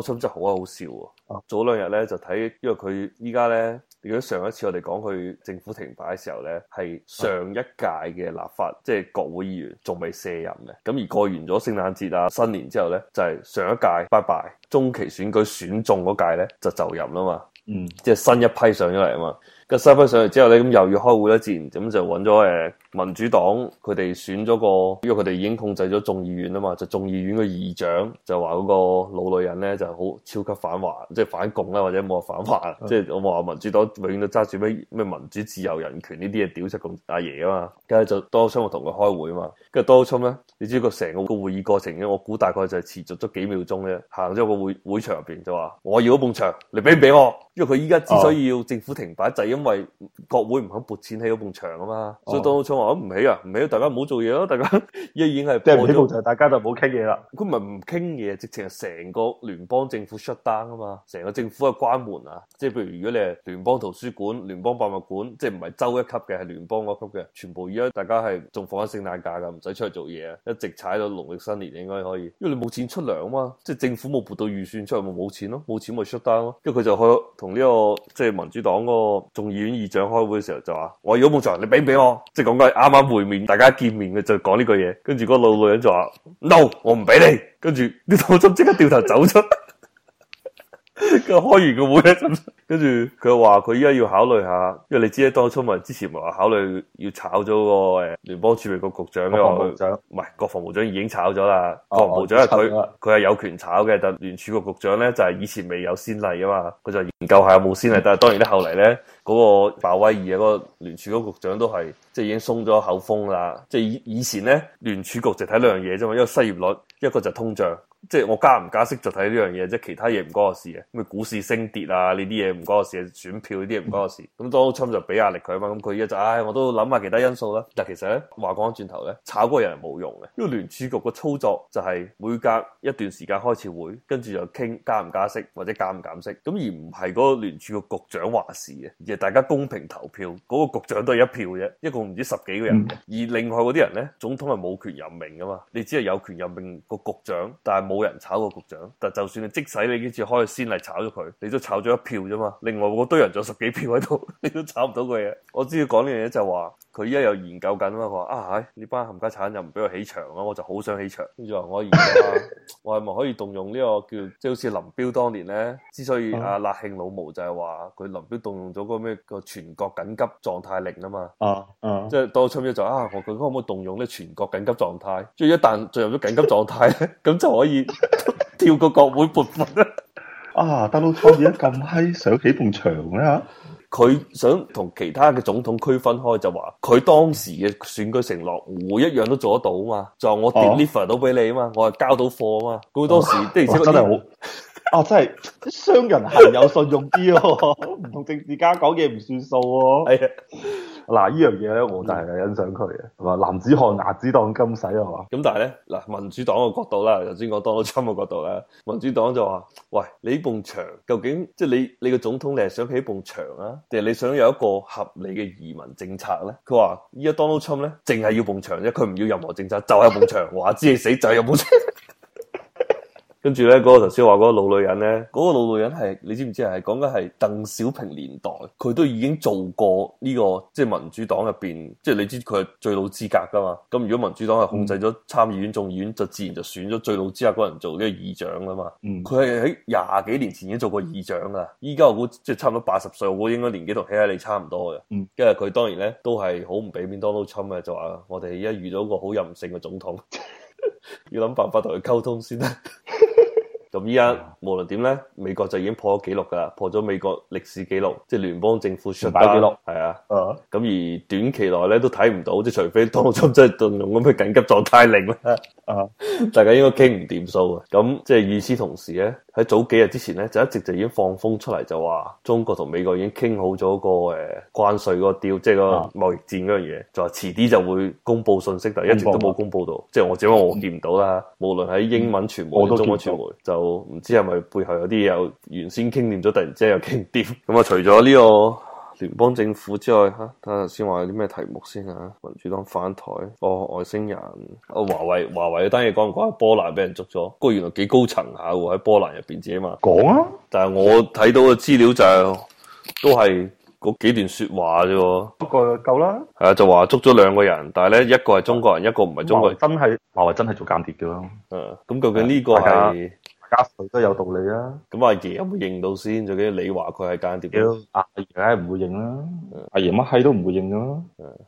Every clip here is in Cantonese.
個心真係好好笑啊。早兩日咧就睇，因為佢依家咧，記得上一次我哋講佢政府停擺嘅時候咧，係上一屆嘅立法，即係國會議員仲未卸任嘅。咁而過完咗聖誕節啊新年之後咧，就係上一屆拜拜中期選舉選中嗰屆咧就就任啦嘛，嗯，即係新一批上咗嚟啊嘛。跟收翻上嚟之後咧，咁又要開會喇，自然咁就揾咗誒民主黨佢哋選咗個，因為佢哋已經控制咗眾議院啊嘛，就眾議院嘅議長就話嗰個老女人咧就好超級反華，即係反共啦，或者冇話反華，即係我冇話民主黨永遠都揸住咩咩民主自由人權呢啲嘢屌出個阿爺啊嘛，跟住就多出我同佢開會啊嘛，跟住多出咧，你知個成個會議過程咧，我估大概就係持續咗幾秒鐘咧，行咗個會會場入邊就話我要嗰埲牆，你俾唔俾我？因為佢依家之所以要政府停擺制。因為國會唔肯撥錢起嗰埲牆啊嘛，所以當初話都唔起啊，唔起大家唔好做嘢咯，大家而家已經係撥唔起埲牆，大家就唔好傾嘢啦。佢唔係唔傾嘢，不不直情係成個聯邦政府 shutdown 啊嘛，成個政府係關門啊。即係譬如如果你係聯邦圖書館、聯邦博物館，即係唔係州一級嘅，係聯邦嗰級嘅，全部而家大家係仲放喺聖誕假㗎，唔使出去做嘢啊，一直踩到農曆新年應該可以，因為你冇錢出糧啊嘛，即係政府冇撥到預算出嚟，咪冇錢咯，冇錢咪 shutdown 咯。跟住佢就去同呢個即係民主黨個。同院議長開會嘅時候就話，我要墓場，你俾唔俾我？即係講緊啱啱會面，大家一見面嘅就講呢個嘢。跟住嗰老女人就話 ，No，我唔俾你。跟住啲老總即刻掉頭走出。 佢 開完個會，跟住佢話佢依家要考慮下，因為你知咧，當初咪之前咪話考慮要炒咗個誒聯邦儲備局局長，個局長，唔係國防部長已經炒咗啦。國防部長係佢佢係有權炒嘅，但聯儲局局長咧就係以前未有先例啊嘛，佢就研究下有冇先例。但係當然咧，後嚟咧嗰個鮑威爾啊，嗰個聯儲局局長都係即係已經鬆咗口風啦。即係以以前咧聯儲局就睇兩樣嘢啫嘛，一個失業率，一個就通脹。即係我加唔加息就睇呢樣嘢，即係其他嘢唔關我事嘅，咁股市升跌啊呢啲嘢唔關我事嘅，選票呢啲唔關我事。咁當侵就俾壓力佢啊嘛，咁佢一就唉、哎，我都諗下其他因素啦。但係其實咧話講轉頭咧，炒嗰個人係冇用嘅，因為聯儲局嘅操作就係每隔一段時間開始會跟住就傾加唔加息或者減唔減息，咁而唔係嗰個聯儲局局長話事嘅，而係大家公平投票，嗰、那個局長都係一票啫，一共唔知十幾個人嘅。而另外嗰啲人咧，總統係冇權任命㗎嘛，你只係有，有權任命個局長，但係冇冇人炒過局長，但就算你即使你幾次開先嚟炒咗佢，你都炒咗一票啫嘛。另外我堆人仲有十幾票喺度，你都炒唔到佢嘅。我只要講呢樣嘢就話、是。佢依家又在研究緊啦，佢話：啊，呢班冚家鏟又唔俾佢起牆咯，我就好想起牆。跟住話：我研究下， 我係咪可以動用呢個叫，即係好似林彪當年咧，之所以阿立慶老毛就係話佢林彪動用咗個咩個全國緊急狀態令啊嘛。啊啊！即係到初咪就啊，我究竟可唔可以動用呢全國緊急狀態？即係一旦進入咗緊急狀態咧，咁 就可以跳個國會撥款啊！啊，大佬而家咁閪想起埲牆咩啊？ 佢想同其他嘅總統區分開，就話佢當時嘅選舉承諾，每一樣都做得到啊嘛，就我 deliver、哦、到俾你啊嘛，我係交到貨啊嘛，咁當時啲、哦、 真係好。 啊！真係商人係有信用啲喎、哦，唔同 政治家講嘢唔算數喎、哦。嗱呢樣嘢咧，我就係欣賞佢嘅。係嘛、嗯，男子漢牙子當金使係嘛。咁但係咧，嗱民主黨嘅角度啦，頭先講 Donald Trump 嘅角度咧，民主黨就話：喂，你呢埲牆究竟即係你你嘅總統你，你係想起埲牆啊，定係你想有一個合理嘅移民政策咧？佢話：依家 Donald Trump 咧，淨係要埲牆啫，佢唔要任何政策，就係埲牆。話知你死就係有本跟住咧，嗰、那個頭先話嗰個老女人咧，嗰、那個老女人係你知唔知？係講緊係鄧小平年代，佢都已經做過呢、這個即係民主黨入邊，即係你知佢係最老資格噶嘛。咁如果民主黨係控制咗參議院、眾、嗯、議院，就自然就選咗最老資格嗰人做呢個議長噶嘛。嗯，佢係喺廿幾年前已經做過議長啦。依家我估即係差唔多八十歲，我估應該年紀同希拉里差唔多嘅。嗯，跟住佢當然咧都係好唔俾面當老侵嘅，就話我哋而家遇到一個好任性嘅總統， 要諗辦法同佢溝通先啦。咁依家無論點咧，美國就已經破咗紀錄噶啦，破咗美國歷史紀錄，即係聯邦政府停擺紀錄，係的啊，咁而短期內咧都睇唔到，即係除非當中真係動用咁嘅緊急狀態令咧，啊，大家 應該傾唔掂數啊，咁即係與此同時咧。喺早幾日之前咧，就一直就已經放風出嚟，就話中國同美國已經傾好咗個誒、呃、關稅個調，即係個貿易戰嗰樣嘢，就話遲啲就會公布信息，但係一直都冇公布到，布即係我只不過我見唔到啦。嗯、無論喺英文傳媒、嗯、中文傳媒，就唔知係咪背後有啲嘢有原先傾掂咗，突然之間又傾調。咁啊，除咗呢、呢個。聯邦政府之外吓，睇下先話有啲咩題目先吓、啊。民主黨反台，哦，外星人，哦華為，華為單嘢講唔講？波蘭俾人捉咗，不過原來幾高層下喎，喺波蘭入邊自己嘛。講啊，但係我睇到嘅資料就是、都係嗰幾段說話啫，不過夠啦。係啊，就話捉咗兩個人，但係咧，一個係中國人，一個唔係中國人。真係華為真係做間諜嘅咯。嗯、啊，咁究竟呢個係？加佢都有道理啊！咁、嗯、阿爺有冇認到先？最緊要你話佢係間諜。阿、啊、爺梗係唔會認啦，阿、嗯啊、爺乜閪都唔會認啦。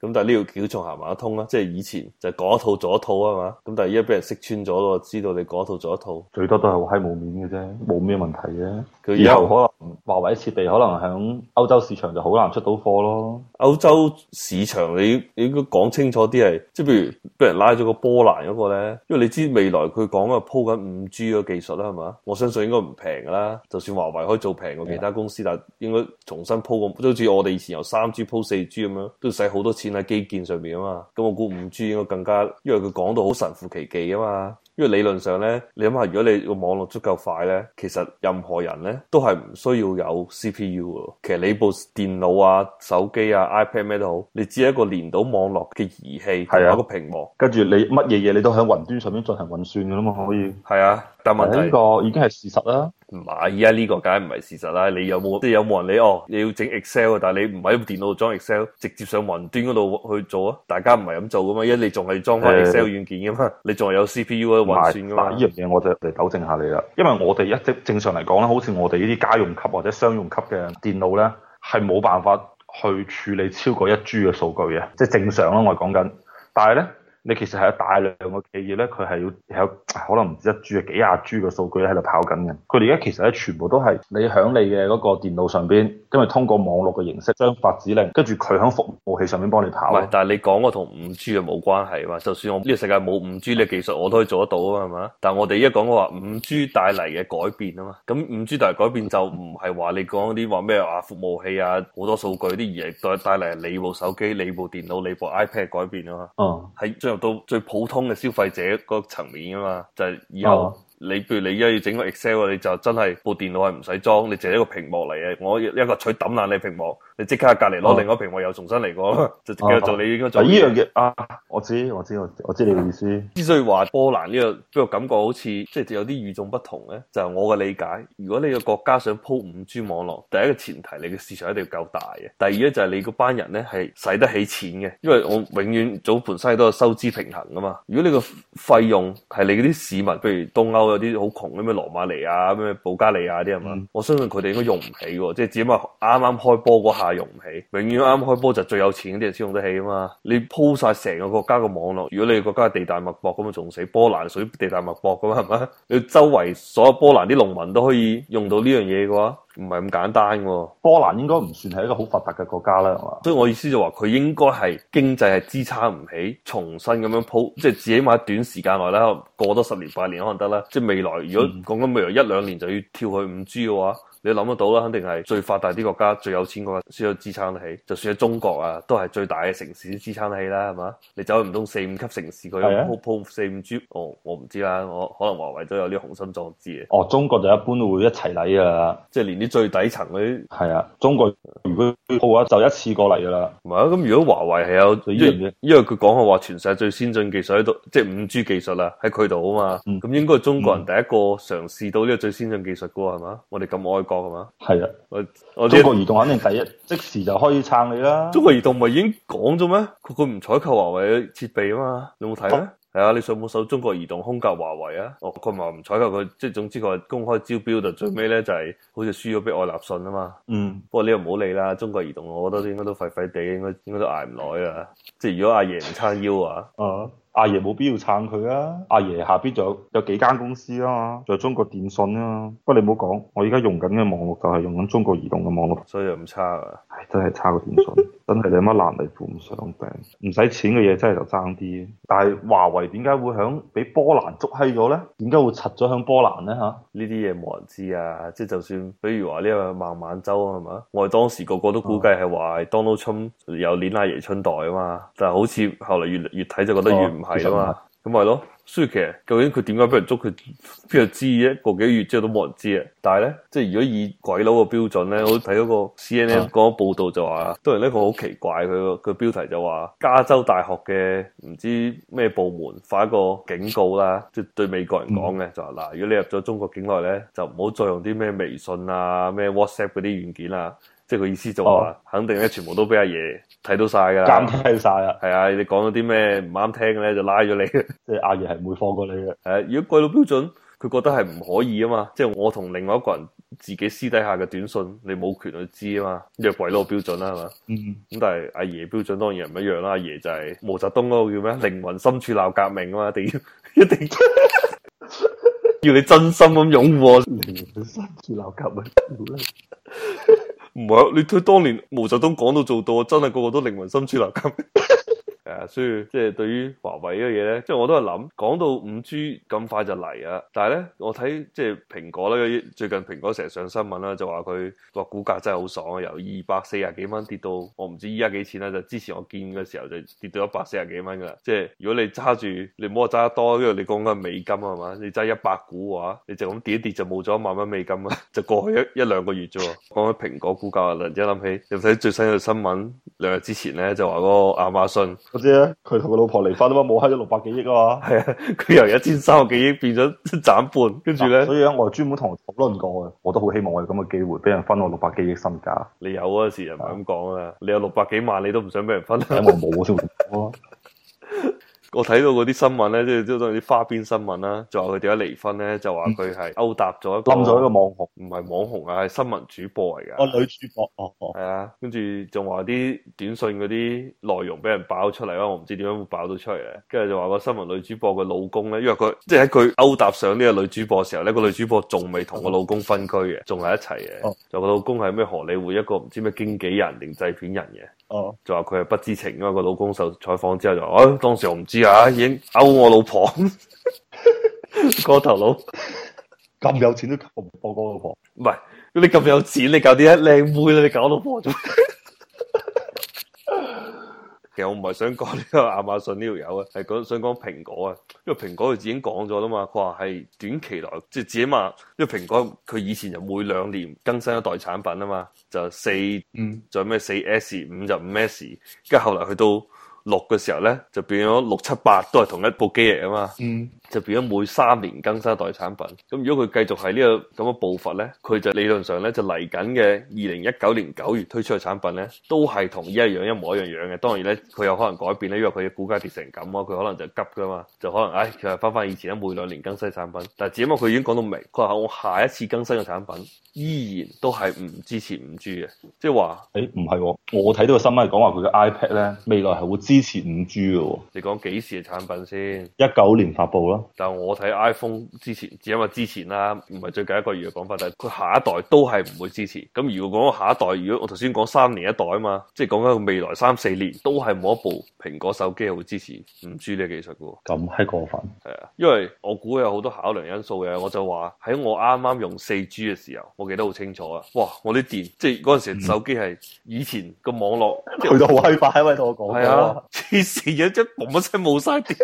咁、嗯、但係呢條橋仲行埋得通啦，即係以前就嗰套做一套啊嘛。咁但係而家俾人識穿咗咯，知道你嗰套做一套，一套最多都係好閪冇面嘅啫，冇咩問題嘅。佢以後現在 可能華為設備可能響歐洲市場就好難出到貨咯。歐洲市場你你應該講清楚啲係，即係譬如俾人拉咗個波蘭嗰、那個咧，因為你知未來佢講啊鋪緊五 G 個技術啦、啊。我相信應該唔平噶啦，就算華為可以做平過其他公司，Yeah. 但應該重新鋪咁，都好似我哋以前由三 G 鋪四 G 咁樣，都使好多錢喺基建上面啊嘛。咁我估五 G 應該更加，因為佢講到好神乎其技啊嘛。因為理論上咧，你諗下，如果你個網絡足夠快咧，其實任何人咧都係唔需要有 CPU 嘅。其實你部電腦啊、手機啊、iPad 咩都好，你只係一個連到網絡嘅儀器係啊，一個屏幕，跟住你乜嘢嘢你都喺雲端上面進行運算嘅啦嘛，可以。係啊，但係問題，呢個已經係事實啦。唔係家呢個梗係唔係事實啦？你有冇即係有冇人理哦？你要整 Excel 啊，但係你唔喺部電腦裝 Excel，直接上雲端嗰度去做啊？大家唔係咁做噶嘛？因一你仲係裝翻 Excel 軟件噶嘛？欸、你仲有 CPU 去運算噶嘛？呢依樣嘢我就嚟糾正下你啦。因為我哋一直正常嚟講啦，好似我哋呢啲家用級或者商用級嘅電腦咧，係冇辦法去處理超過一 G 嘅數據嘅，即、就、係、是、正常啦。我哋講緊，但係咧。你其實係有大量嘅企業咧，佢係要有可能唔止一 G 啊，幾廿 G 嘅數據喺度跑緊嘅。佢哋而家其實咧，全部都係你喺你嘅嗰個電腦上邊，因為通過網絡嘅形式，將發指令，跟住佢喺服務器上邊幫你跑。但係你講個同五 G 係冇關係嘛？就算我呢個世界冇五 G 嘅技術，我都可以做得到啊，係嘛？但係我哋一講嘅話，五 G 帶嚟嘅改變啊嘛，咁五 G 帶嚟改變就唔係話你講啲話咩話服務器啊，好多數據啲而係帶帶嚟你部手機、你部電腦、你部 iPad 改變啊嘛。嗯，喺入到最普通嘅消費者嗰個層面啊嘛，就係、是、以後你譬、哦、如你而家要整個 Excel，你就真係部電腦係唔使裝，你淨係一個屏幕嚟嘅，我一個錘抌爛你屏幕。你即刻隔籬攞另一瓶，我又重新嚟過，就做。你應該做。係呢樣嘢啊！我知我知我我知你嘅意思。之所以話波蘭呢個呢個感覺好似即係有啲與眾不同咧，就係、是、我嘅理解。如果你個國家想鋪五 G 網絡，第一個前提你嘅市場一定要夠大嘅。第二咧就係你個班人咧係使得起錢嘅，因為我永遠早盤生意都係收支平衡噶嘛。如果你個費用係你嗰啲市民，譬如東歐有啲好窮，咩羅馬尼亞、咩保加利亞啲係嘛，嗯、我相信佢哋應該用唔起喎。即係只係嘛啱啱開波嗰下。用唔起，永遠啱開波就最有錢嗰啲人先用得起啊嘛！你鋪晒成個國家個網絡，如果你個國家係地大物博咁啊，仲死波蘭，屬於地大物博噶係咪？你周圍所有波蘭啲農民都可以用到呢樣嘢嘅話，唔係咁簡單嘅。波蘭應該唔算係一個好發達嘅國家啦，嗯，係嘛？所以我意思就話佢應該係經濟係支撐唔起重新咁樣鋪，即係起碼短時間內啦，過多十年八年可能得啦。即係未來如果講緊未來一兩年就要跳去五 G 嘅話。你諗得到啦，肯定係最發達啲國家、最有錢個需要支撐得起，就算喺中國啊，都係最大嘅城市支撐得起啦，係嘛？你走唔通四五級城市佢鋪四五 G，我我唔知啦，我，我可能華為都有啲雄心壯志嘅。哦，中國就一般都會一齊嚟啊，即係連啲最底層嗰啲係啊。中國如果鋪啊，就一次過嚟噶啦。係啊，咁如果華為係有，因為佢講嘅話，全世界最先進技術喺度，即係五 G 技術啦，喺佢度啊嘛。咁、嗯、應該係中國人第一個嘗試到呢個最先進技術嘅喎，係嘛？我哋咁愛。係嘛？係啊，我中國移動肯定第一，即時就開始撐你啦。 中國移動唔係已經講咗咩？佢佢唔採購華為嘅設備啊嘛，你有冇睇咧？係、嗯、啊，你上部手中國移動空格華為啊？哦，佢話唔採購佢，即係總之佢公開招標，最就最尾咧就係好似輸咗俾愛立信啊嘛。嗯，不過你又唔好理啦，中國移動，我覺得應該都廢廢地，應該應該都挨唔耐啊。即係如果阿爺唔撐腰啊。嗯阿爺冇必要撐佢啊！阿爺下邊仲有有幾間公司啊，仲有中國電信啊，不過你唔好講，我而家用緊嘅網絡就係用緊中國移動嘅網絡，所以又唔差啊。哎！真係差過電信， 真係你乜爛嚟附唔上唔使錢嘅嘢真係就爭啲。但係華為點解會響俾波蘭捉閪咗咧？點解會柒咗響波蘭咧？吓，呢啲嘢冇人知啊！即係就算，比如話呢個孟晚舟啊，係嘛？我哋當時個個都估計係話 Donald Trump 有年阿爺春袋啊嘛，啊但係好似後嚟越嚟越睇就覺得越唔。係啊嘛，咁咪咯，所以其實究竟佢點解俾人捉？佢邊度知啫？個幾個月之後都冇人知啊。但係咧，即係如果以鬼佬嘅標準咧，我睇嗰個 C N N 嗰個報道就話，當然呢個好奇怪，佢個佢標題就話加州大學嘅唔知咩部門發一個警告啦，即係對美國人講嘅、嗯、就話嗱，如果你入咗中國境內咧，就唔好再用啲咩微信啊、咩 WhatsApp 嗰啲軟件啊。即係佢意思就話，肯定咧，全部都俾阿爺睇到晒噶，監聽晒啦。係啊，你講咗啲咩唔啱聽咧，就拉咗你。即係阿爺係唔會放過你嘅。誒、啊，如果貴到標準，佢覺得係唔可以啊嘛。即係我同另外一個人自己私底下嘅短信，你冇權去知啊嘛。若貴到標準啦，係嘛。嗯。咁但係阿爺標準當然唔一樣啦。阿爺就係毛澤東嗰個叫咩？靈魂深處鬧革命啊嘛，一定要一定 要你真心咁擁護靈魂深處鬧革命。 唔係，你睇當年毛澤東講到做到，真係個個都靈魂深處流感。所以即係對於華為嘅嘢咧，即係我都係諗，講到五 G 咁快就嚟啊！但係咧，我睇即係蘋果咧，最近蘋果成日上新聞啦，就話佢話股價真係好爽啊，由二百四十幾蚊跌到我唔知依家幾錢啦，就之前我見嘅時候就跌到一百四十幾蚊噶啦。即係如果你揸住你唔好話揸得多，因為你講緊美金係嘛，你揸一百股嘅話，你就咁跌一跌就冇咗一萬蚊美金啊， 就過去一一兩個月啫。講起蘋果股價，突然之間諗起又睇最新嘅新聞，兩日之前咧就話個亞馬遜。佢同佢老婆離婚啊嘛，冇閪咗六百幾億啊，係啊，佢由一千三百幾億變咗斬半，跟住咧， 所以咧，我專門同人討論過嘅，我都好希望我有咁嘅機會俾人分我六百幾億身價 ，你有嗰時唔係咁講啊，你有六百幾萬你都唔想俾人分， 因為我冇啊 我睇到嗰啲新聞咧，即係都係啲花邊新聞啦。就話佢點解離婚咧？就話佢係勾搭咗，冧咗一個網紅，唔係網紅啊，係新聞主播嚟嘅。哦，女主播，哦哦，係啊。跟住仲話啲短信嗰啲內容俾人爆出嚟囉。我唔知點樣會爆到出嚟嘅。跟住就話個新聞女主播嘅老公咧，因為佢即係喺佢勾搭上呢個女主播嘅時候咧，個女主播仲未同個老公分居嘅，仲係一齊嘅。哦，就個老公係咩荷里活一個唔知咩經紀人定製片人嘅。哦，就話佢係不知情，因為個老公受採訪之後就話，哎，當時我唔知啊，已經勾我老婆，個 頭腦人咁有錢都搞我老婆，唔係，你咁有錢，你搞啲靚妹，你搞我老婆做咩。 其實我唔係想講呢個亞馬遜呢條友啊，係講想講蘋果啊，因為蘋果佢已經講咗啦嘛，佢話係短期內即係至少嘛，因為蘋果佢以前就每兩年更新一代產品啊嘛，就四，嗯，就咩四 S，五就五 S，跟住後嚟佢都。六嘅時候咧，就變咗六七八都係同一部機嚟啊嘛，嗯、就變咗每三年更新一代產品。咁如果佢繼續係呢個咁嘅步伐咧，佢就理論上咧就嚟緊嘅二零一九年九月推出嘅產品咧，都係同依一樣一模一樣樣嘅。當然咧，佢有可能改變咧，因為佢嘅股價跌成咁啊，佢可能就急噶嘛，就可能唉，佢又翻翻以前咧每兩年更新產品。但係只因為佢已經講到明，佢話我下一次更新嘅產品依然都係唔支持五 G 嘅，即係話，誒唔係我睇到個新聞係講話佢嘅 iPad 咧未來係會。支持五 G 喎，哦，你講幾時嘅產品先？一九年發布啦。但係我睇 iPhone 之前，只因為之前啦，啊，唔係最近一個月嘅講法，但係佢下一代都係唔會支持。咁如果講下一代，如果我頭先講三年一代啊嘛，即係講緊未來三四年都係冇一部蘋果手機係會支持五 G 呢個技術嘅。咁係過分？係啊，因為我估有好多考量因素嘅，啊，我就話喺我啱啱用四 G 嘅時候，我記得好清楚啊。哇，我啲電即係嗰陣時手機係以前個網絡，去到威霸係咪同我講。黐線嘅，一嘣一聲冇晒電，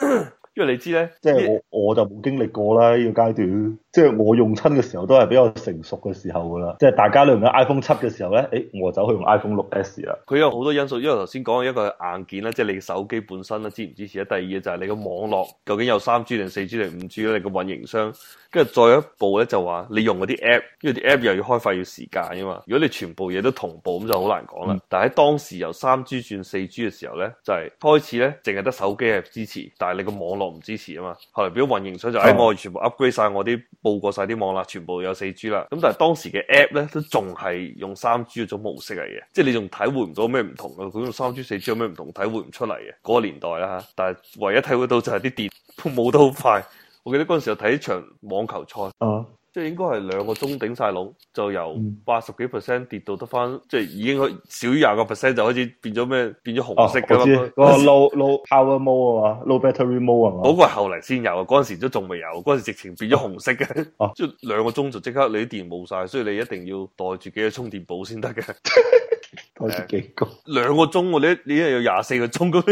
因為你知咧，即係我是我就冇經歷過啦呢、呢個階段。即係我用親嘅時候都係比較成熟嘅時候噶啦，即係大家都用緊 iPhone 七嘅時候咧，誒，我就去用 iPhone 六 S 啦。佢有好多因素，因為頭先講一個硬件啦，即係你手機本身啦支唔支持咧？第二嘢就係你個網絡究竟有三 G 定四 G 定五 G 咧？你個運營商，跟住，再一步咧就話你用嗰啲 app，跟住啲 app 又要開發要時間噶嘛。如果你全部嘢都同步咁就好難講啦。嗯、但係喺當時由三 G 轉四 G 嘅時候咧，就係開始咧，淨係得手機係支持，但係你個網絡唔支持啊嘛。後來如果運營商就誒、嗯欸、我全部 upgrade 晒我啲。布過晒啲網啦，全部有四 G 啦，咁但係當時嘅 app 咧都仲係用三 G 嗰種模式嚟嘅，即係你仲體會唔到咩唔同啊？佢用三 G 四 G 有咩唔同，體會唔出嚟嘅嗰個年代啦吓。但係唯一體會到就係啲電冇 得好快。我記得嗰陣時又睇場網球賽。啊即係應該係兩個鐘頂晒籠，就由八十幾 percent 跌到得翻，即係已經開少於廿個 percent 就開始變咗咩？變咗紅色噶啦，嗰個 low low power mode 啊，low battery mode 啊，嗰、嗰個係後嚟，先有，嗰陣時都仲未有，嗰陣時直情變咗紅色嘅。即係兩個鐘就即刻你電冇晒，所以你一定要袋住幾個充電寶先得嘅。 開幾 個兩個鐘，我咧一日有廿四個鐘，咁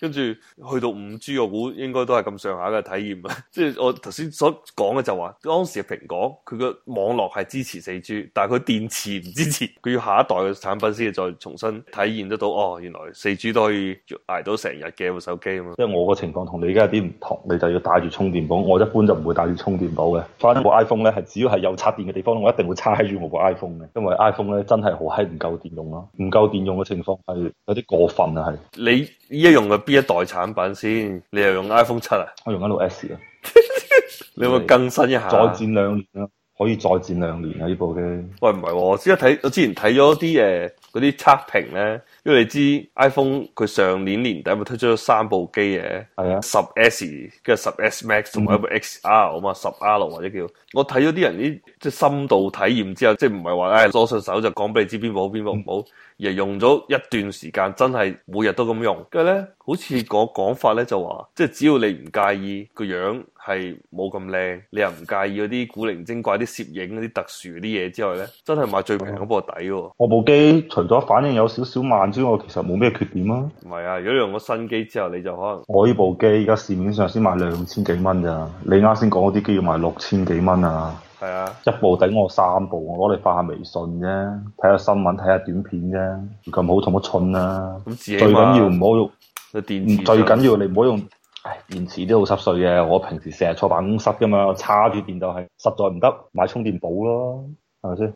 跟住去到五 G 我估應該都係咁上下嘅體驗啦。即 係我頭先所講嘅就話，當時嘅蘋果佢個網絡係支持四 G，但係佢電池唔支持，佢要下一代嘅產品先至再重新體驗得到。哦，原來四 G 都可以捱到成日嘅部手機啊嘛。即係 我個情況同你而家有啲唔同，你就要帶住充電寶。我一般就唔會帶住充電寶嘅。反正部 iPhone 咧係只要係有插電嘅地方，我一定會插住我部 iPhone 嘅，因為 iPhone 咧真係好閪唔夠電用。唔夠電用嘅情況係有啲過分啊，係你依家用嘅邊一代產品先？你又用 iPhone 七啊？我用緊六 S 啊， 你有冇更新一下？再戰兩年啊，可以再戰兩年啊！呢部機喂唔係，啊，我依家睇我之前睇咗啲誒嗰啲測評咧，因為你知 iPhone 佢上年年底咪推出咗三部機嘅，係啊，十 S 跟住十 S Max 同埋一部 XR 啊嘛，嗯，十 R 或者叫，我睇咗啲人啲。即深度體驗之後，即係唔係話誒攞上手就講俾你知邊部好，邊部唔好，而係用咗一段時間，真係每日都咁用。跟住咧，好似個講法咧，就話即係只要你唔介意個樣係冇咁靚，你又唔介意嗰啲古靈精怪、啲攝影、啲特殊嗰啲嘢之外咧，真係買最平嗰部抵喎。我部機除咗反應有少少慢之外，其實冇咩缺點啊。唔係啊，如果用咗新機之後，你就可能我呢部機而家市面上先賣兩千幾蚊咋？你啱先講嗰啲機要賣六千幾蚊啊？係啊，一部頂我三部，我攞嚟發下微信啫，睇下新聞，睇下短片啫，咁好同乜蠢啊？最緊要唔好用電，最緊要你唔好用，唉，電池都好濕碎嘅。我平時成日坐辦公室噶嘛，我叉住電就係、是，實在唔得，買充電寶咯，係咪先？